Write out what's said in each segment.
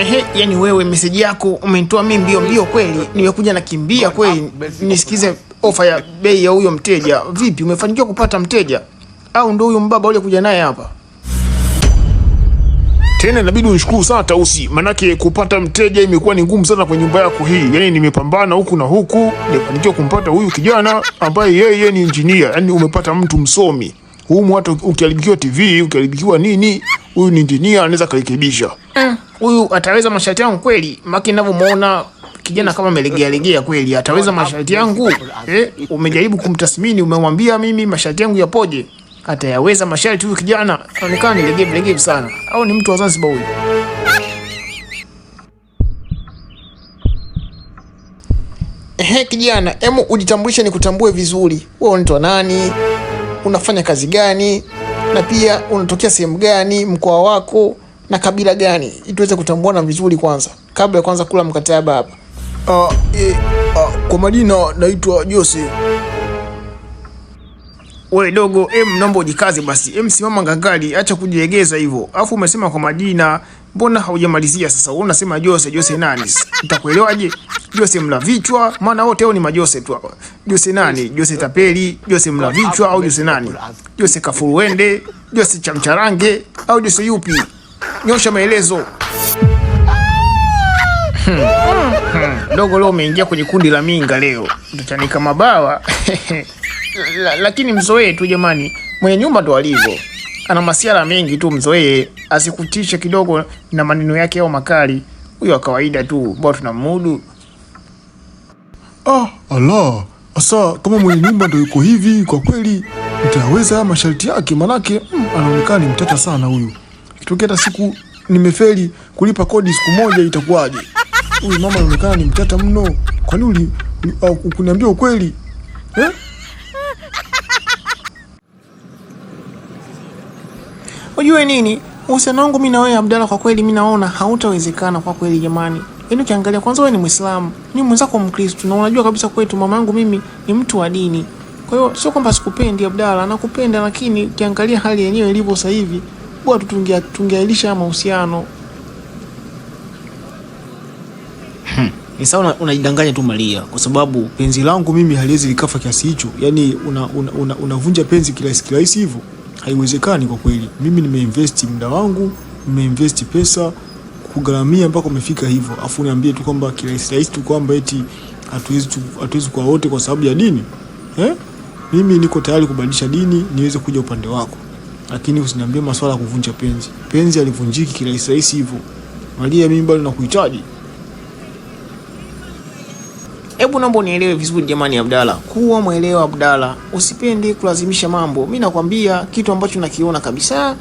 Ehe, yani wewe meseji yako umenitoa mi mbio mbio kweli. Nimekuja kimbia kweli ah, nisikize ofa ya bei ya huyo mteja. Vipi, umefanikiwa kupata mteja au ndo huyo mbaba uliyekuja naye hapa? Tena inabidi unishukuru sana Tausi, manake kupata mteja imekuwa ni ngumu sana kwenye nyumba yako hii. Yani nimepambana huku na huku, nimefanikiwa kumpata huyu kijana ambaye yeye ni injinia. Yani umepata mtu msomi humu, hata ukiharibikiwa TV ukiharibikiwa nini, huyu ni injinia anaweza kurekebisha. mm. Ah huyu ataweza masharti yangu kweli? Maki ninavyomuona kijana kama amelegea legea kweli, ataweza masharti yangu eh? Umejaribu kumtathmini, umemwambia mimi masharti yangu yapoje? Atayaweza masharti huyu kijana? Anaonekana ni legevu legevu sana, au ni mtu wa Zanzibar huyu? Ehe, kijana, hebu ujitambulishe nikutambue vizuri. Wewe unaitwa nani? Unafanya kazi gani? Na pia unatokea sehemu gani? Mkoa wako na kabila gani, ili tuweze kutambuana vizuri kwanza kabla ya kwanza kula mkataba hapa. Uh, eh, uh, kwa majina naitwa Jose. Wewe dogo, em, naomba ujikaze basi. Em, simama ngangari, acha kujiegeza hivyo. Alafu umesema kwa majina, mbona haujamalizia sasa? Wewe unasema Jose, Jose nani? Utakuelewaje? Jose mla vichwa, maana wote hao ni majose tu hapa. Jose nani? Jose tapeli, Jose mla vichwa au Jose nani? Jose kafuruende, Jose chamcharange au Jose yupi? Nyosha maelezo. Hmm. Dogo, leo umeingia kwenye kundi la minga, leo tutachanika mabawa lakini mzoee tu jamani, mwenye nyumba ndo alivyo, ana masiara mengi tu. Mzoee asikutishe kidogo na maneno yake yao makali. Huyo wa kawaida tu, tuna mudu Ah, ala asa, kama mwenye nyumba ndo yuko hivi, kwa kweli ntaweza masharti yake, manake mm, anaonekana ni mtata sana huyu. Tokea hata siku nimefeli kulipa kodi siku moja itakuwaje? Huyu mama anaonekana ni mtata mno. Kwani uli kuniambia ukweli eh? Ujue nini uhusiano wangu mimi na wewe Abdalla, kwa kweli mimi naona hautawezekana kwa kweli jamani. Yaani ukiangalia kwanza, wewe ni Muislamu, ni mwenzako Mkristo, na unajua kabisa kwetu mama yangu mimi ni mtu wa dini. Kwa hiyo sio kwamba sikupendi Abdalla, nakupenda, lakini ukiangalia hali yenyewe ilivyo sasa hivi kubwa tu tungeailisha mahusiano. Hmm. sawa unajidanganya tu Maria, kwa sababu penzi langu mimi haliwezi likafa kiasi hicho. Yaani unavunja una, una, una penzi kirahisi kirahisi hivyo, haiwezekani kwa kweli. Mimi nimeinvesti muda wangu, nimeinvesti pesa kugharamia mpaka umefika hivyo, afu niambie tu kwamba kirahisi rahisi tu kwamba eti hatuwezi hatuwezi kwa wote kwa sababu ya dini eh? Mimi niko tayari kubadilisha dini niweze kuja upande wako lakini usiniambie maswala ya kuvunja penzi. Penzi alivunjiki kirahisi rahisi hivyo. Maria, mimi bado nakuhitaji. Hebu naomba nielewe vizuri jamani, Abdalla. Kuwa mwelewa Abdalla, usipende kulazimisha mambo. Mimi nakwambia kitu ambacho nakiona kabisa.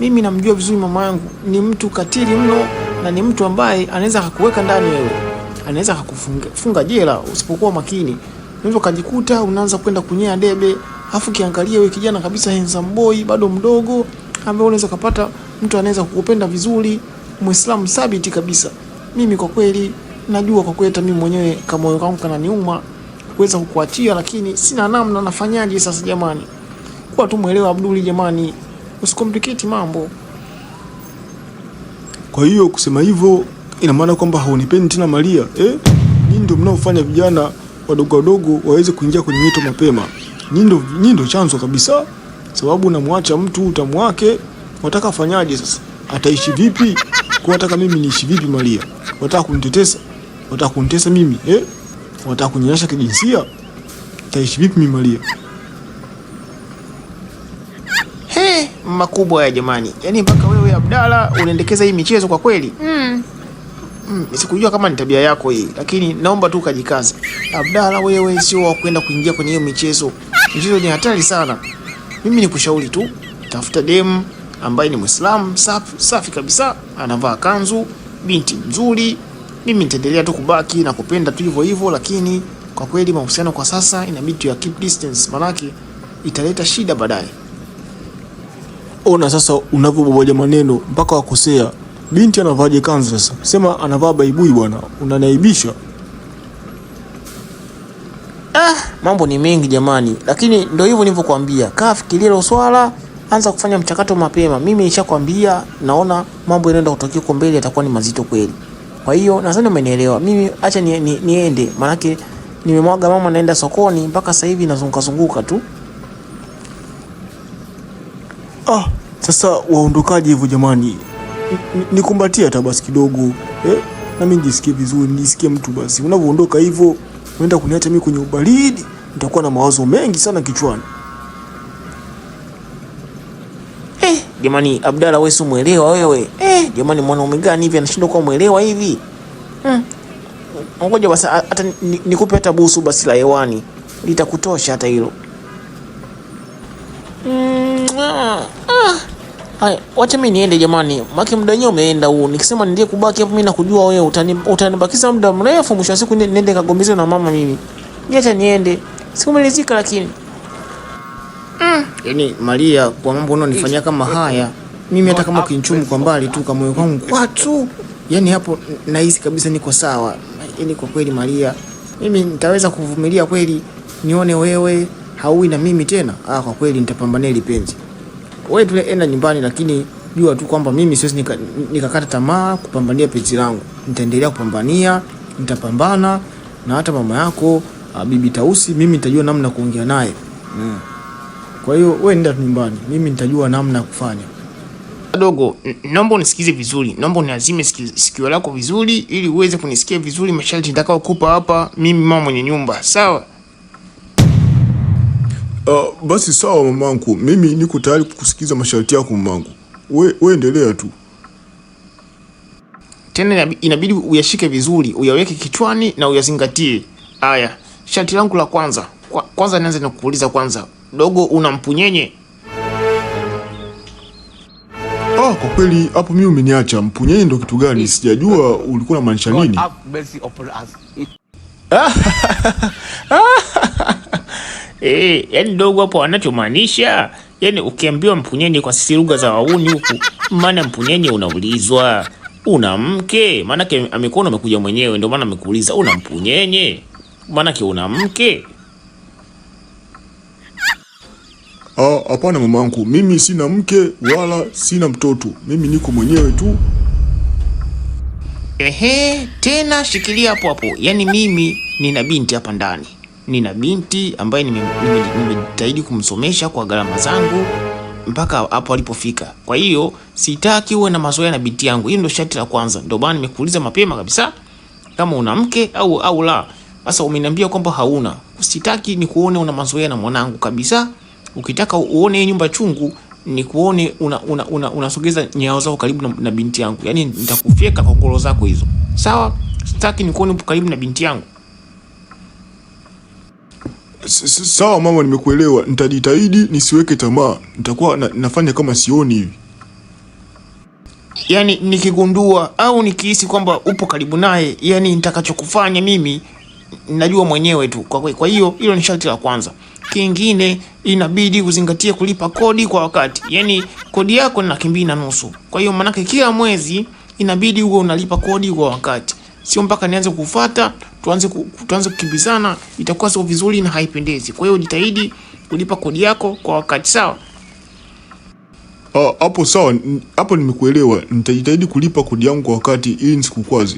Mimi namjua vizuri mama yangu, ni mtu katili mno, na ni mtu ambaye anaweza akakuweka ndani wewe, anaweza akakufunga funga jela usipokuwa makini. Unaweza ukajikuta unaanza kwenda kunyea debe Alafu kiangalia wewe kijana kabisa handsome boy bado mdogo ambaye unaweza kupata mtu anaweza kukupenda vizuri, Muislamu thabiti kabisa. Mimi kwa kweli najua kwa kweli mimi mwenyewe kama moyo wangu kananiuma kuweza kukuachia, lakini sina namna, nafanyaje sasa jamani? Kwa tu mwelewa Abduli jamani, usikomplicate mambo. Kwa hiyo kusema hivyo ina maana kwamba haunipendi tena Maria eh? Ninyi ndio mnaofanya vijana wadogo wadogo waweze kuingia kwenye mito mapema. Nyinyi ndo chanzo kabisa, sababu unamwacha mtu utamu wake. Wataka afanyaje sasa? Ataishi vipi? Kwa nataka mimi niishi vipi Maria? Wataka kunitetesa, Wataka kunitesa mimi eh? Wataka kunyanyasa kijinsia? Taishi vipi mimi Maria? makubwa ya jamani. Yaani mpaka wewe Abdalla unaendekeza hii michezo kwa kweli? Mm. Mm, sikujua kama ni tabia yako hii, lakini naomba tu ukajikaze Abdalla wewe sio wa kwenda kuingia kwenye hiyo michezo mchezo ni hatari sana. Mimi ni kushauri tu, tafuta demu ambaye ni Muislamu safi, safi kabisa, anavaa kanzu, binti mzuri. Mimi nitaendelea tu kubaki na kupenda tu hivyo hivyo, lakini kwa kweli mahusiano kwa sasa inabidi tu ya keep distance, manake italeta shida baadaye. Ona sasa unavyoboboja maneno mpaka wakosea. Binti anavaaje kanzu sasa? Sema anavaa baibui bwana, unanaibisha Mambo ni mengi jamani, lakini ndio hivyo nilivyokuambia, kaa fikiria hilo swala, anza kufanya mchakato mapema. Mimi nishakwambia, naona mambo yanaenda kutokea huko mbele yatakuwa ni mazito kweli. Kwa hiyo nadhani umenielewa. Mimi acha ni, ni, niende manake nimemwaga mama, naenda sokoni mpaka sasa hivi nazunguka zunguka tu. Ah, sasa waondokaje hivyo jamani? Nikumbatie hata basi kidogo eh, na mimi nisikie vizuri, nisikie mtu basi. Unavyoondoka hivyo unaenda kuniacha mimi kwenye ubaridi nitakuwa na mawazo mengi sana kichwani. Eh, jamani Abdalla wewe si mwelewa wewe. Eh, jamani mwanaume gani hivi anashindwa kuwa mwelewa hivi? Mm. Ngoja basi hata nikupe hata busu basi la hewani. Litakutosha hata hilo. Mm, ah, ah. Hai, wacha mimi niende jamani. Maki muda wenyewe umeenda huu. Nikisema ndiye kubaki hapo mimi nakujua wewe utanibakiza utani muda mrefu mwisho wa siku niende kagombezwe na mama mimi. Niacha niende. Sikumalizika lakini. Mm. Yaani Maria kwa mambo unaonifanyia kama haya, mimi hata kama kinchumu kwa mbali tu kama moyo wangu kwa tu. Yaani hapo nahisi kabisa niko sawa. Yaani kwa kweli Maria, mimi nitaweza kuvumilia kweli nione wewe haui na mimi tena. Ah, kwa kweli nitapambana ile penzi. Wewe tule enda nyumbani lakini jua tu kwamba mimi siwezi nikakata nika tamaa kupambania penzi langu. Nitaendelea kupambania, nitapambana na hata mama yako uh, Bibi Tausi, mimi nitajua namna kuongea naye mm. Kwa hiyo wewe nenda nyumbani, mimi nitajua namna ya kufanya Dogo, naomba unisikize vizuri, naomba unazime sikio lako vizuri, ili uweze kunisikia vizuri masharti nitakao kupa hapa, mimi mama mwenye nyumba, sawa? Uh, basi sawa mamangu, mimi niko tayari kukusikiza masharti yako mamangu, we endelea tu. Tena inabidi uyashike vizuri, uyaweke kichwani na uyazingatie. aya Shati langu la kwanza kwa, kwanza nianze na kwanza, dogo, una mpunyenye? Ah, kwa kweli hapo mimi umeniacha. Mpunyenye ndo kitu gani? Sijajua ulikuwa unamaanisha nini. Eh, yani dogo hapo anachomaanisha yani, ukiambiwa mpunyenye kwa sisi lugha za wauni huku, maana mpunyenye unaulizwa una mke, maanake amekuona amekuja mwenyewe, ndio maana amekuuliza una mpunyenye maanake una mke? Ah, hapana mamangu, mimi sina mke wala sina mtoto, mimi niko mwenyewe tu. Ehe, tena shikilia hapo hapo. Yaani mimi nina binti hapa ndani, nina binti ambaye nimejitahidi kumsomesha kwa gharama zangu mpaka hapo alipofika. Kwa hiyo sitaki uwe na mazoea na binti yangu. hiyo ndio sharti la kwanza, ndio maana nimekuuliza mapema kabisa kama una mke au au la. Sasa umeniambia kwamba hauna. Sitaki ni kuone una mazoea na mwanangu kabisa. Ukitaka uone nyumba chungu ni kuone unasogeza una, una, una nyao zako karibu na, na binti yangu. Yaani nitakufyeka kwa ngoro zako hizo. Sawa? Sitaki nikuone upo karibu na binti yangu. Sawa mama, nimekuelewa. Nitajitahidi nisiweke tamaa, nitakuwa na, nafanya kama sioni hivi. Yaani nikigundua au nikihisi kwamba upo karibu naye, yani nitakachokufanya mimi najua mwenyewe tu kwa kwa hiyo hilo ni sharti la kwanza. Kingine inabidi kuzingatia kulipa kodi kwa wakati, yaani kodi yako inakimbia na nusu. Kwa hiyo manake kila mwezi inabidi uwe unalipa kodi kwa wakati, sio mpaka nianze kufuata tuanze ku, tuanze kukimbizana, itakuwa sio vizuri na haipendezi. Kwa hiyo jitahidi kulipa kodi yako kwa wakati, sawa? Hapo ah, hapo sawa, hapo nimekuelewa. Nitajitahidi kulipa kodi yangu kwa wakati ili nisikukwaze.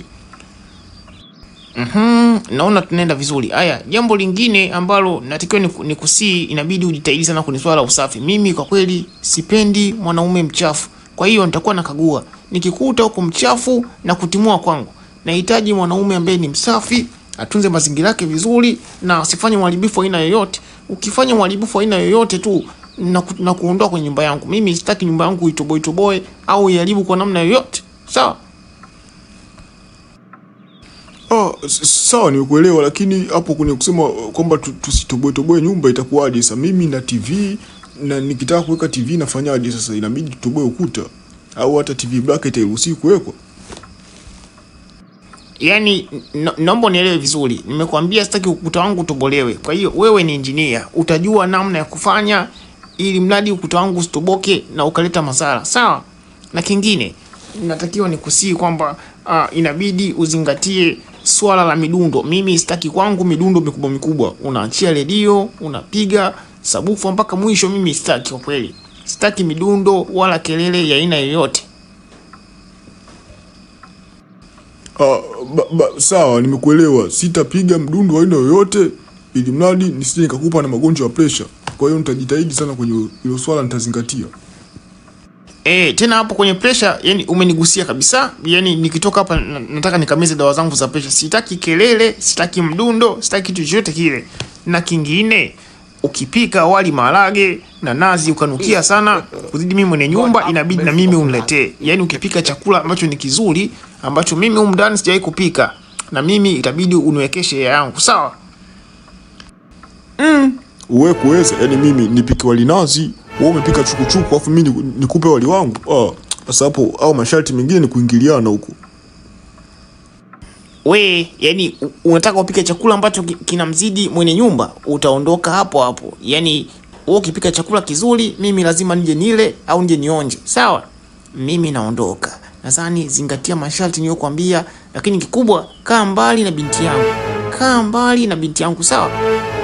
Mhm, Mm Naona tunaenda vizuri. Aya, jambo lingine ambalo natakiwa nikusii, inabidi ujitahidi sana kwenye swala usafi. Mimi kwa kweli sipendi mwanaume mchafu, kwa hiyo nitakuwa nakagua, nikikuta huko mchafu na kutimua kwangu. Nahitaji mwanaume ambaye ni msafi, atunze mazingira yake vizuri na asifanye uharibifu aina yoyote. Ukifanya uharibifu aina yoyote tu na, ku, na kuondoa kwenye nyumba yangu. Mimi sitaki nyumba yangu itoboe itoboe au iharibu kwa namna yoyote, sawa? So, Ah, sawa ni kuelewa, lakini hapo kwenye kusema kwamba tusitoboetoboe nyumba itakuwaje? Sasa mimi na TV na nikitaka kuweka TV nafanyaje? Sasa inabidi tutoboe ukuta au hata TV bracket iruhusi kuwekwa. Yaani naomba nielewe vizuri. Nimekwambia sitaki ukuta wangu utobolewe. Kwa hiyo wewe ni engineer, utajua namna ya kufanya ili mradi ukuta wangu usitoboke na ukaleta madhara. Sawa? Na kingine natakiwa nikusii kwamba uh, inabidi uzingatie swala la midundo, mimi sitaki kwangu midundo mikubwa mikubwa, unaachia redio unapiga sabufa mpaka mwisho. Mimi sitaki kwa kweli, sitaki midundo wala kelele ya aina yoyote. Uh, sawa, nimekuelewa. Sitapiga mdundo wa aina yoyote, ili mradi nisije nikakupa na magonjwa ya presha. Kwa hiyo nitajitahidi sana kwenye hilo swala, nitazingatia. E, tena hapo kwenye pressure yani umenigusia kabisa. Yani nikitoka hapa nataka nikamize dawa zangu za pressure. Sitaki kelele, sitaki mdundo, sitaki kitu chochote kile. Na kingine ukipika wali maharage na nazi ukanukia sana kuzidi mimi mwenye nyumba, inabidi na mimi uniletee. Yani ukipika chakula ambacho ni kizuri ambacho mimi huko ndani sijawahi kupika, na mimi itabidi uniwekeshe ya yangu, sawa? Mm. Uwe kuweza yani mimi nipike wali nazi wewe umepika chukuchuku afu mimi nikupe wali wangu? Ah, sasa hapo au masharti mengine ni kuingiliana huko. We, yani unataka upike chakula ambacho kinamzidi mwenye nyumba, utaondoka hapo hapo. Yani wewe ukipika chakula kizuri, mimi lazima nije nile au nje nionje. Sawa? Mimi naondoka. Nadhani zingatia masharti niliyokuambia, lakini kikubwa kaa mbali na binti yangu. Kaa mbali na binti yangu, sawa?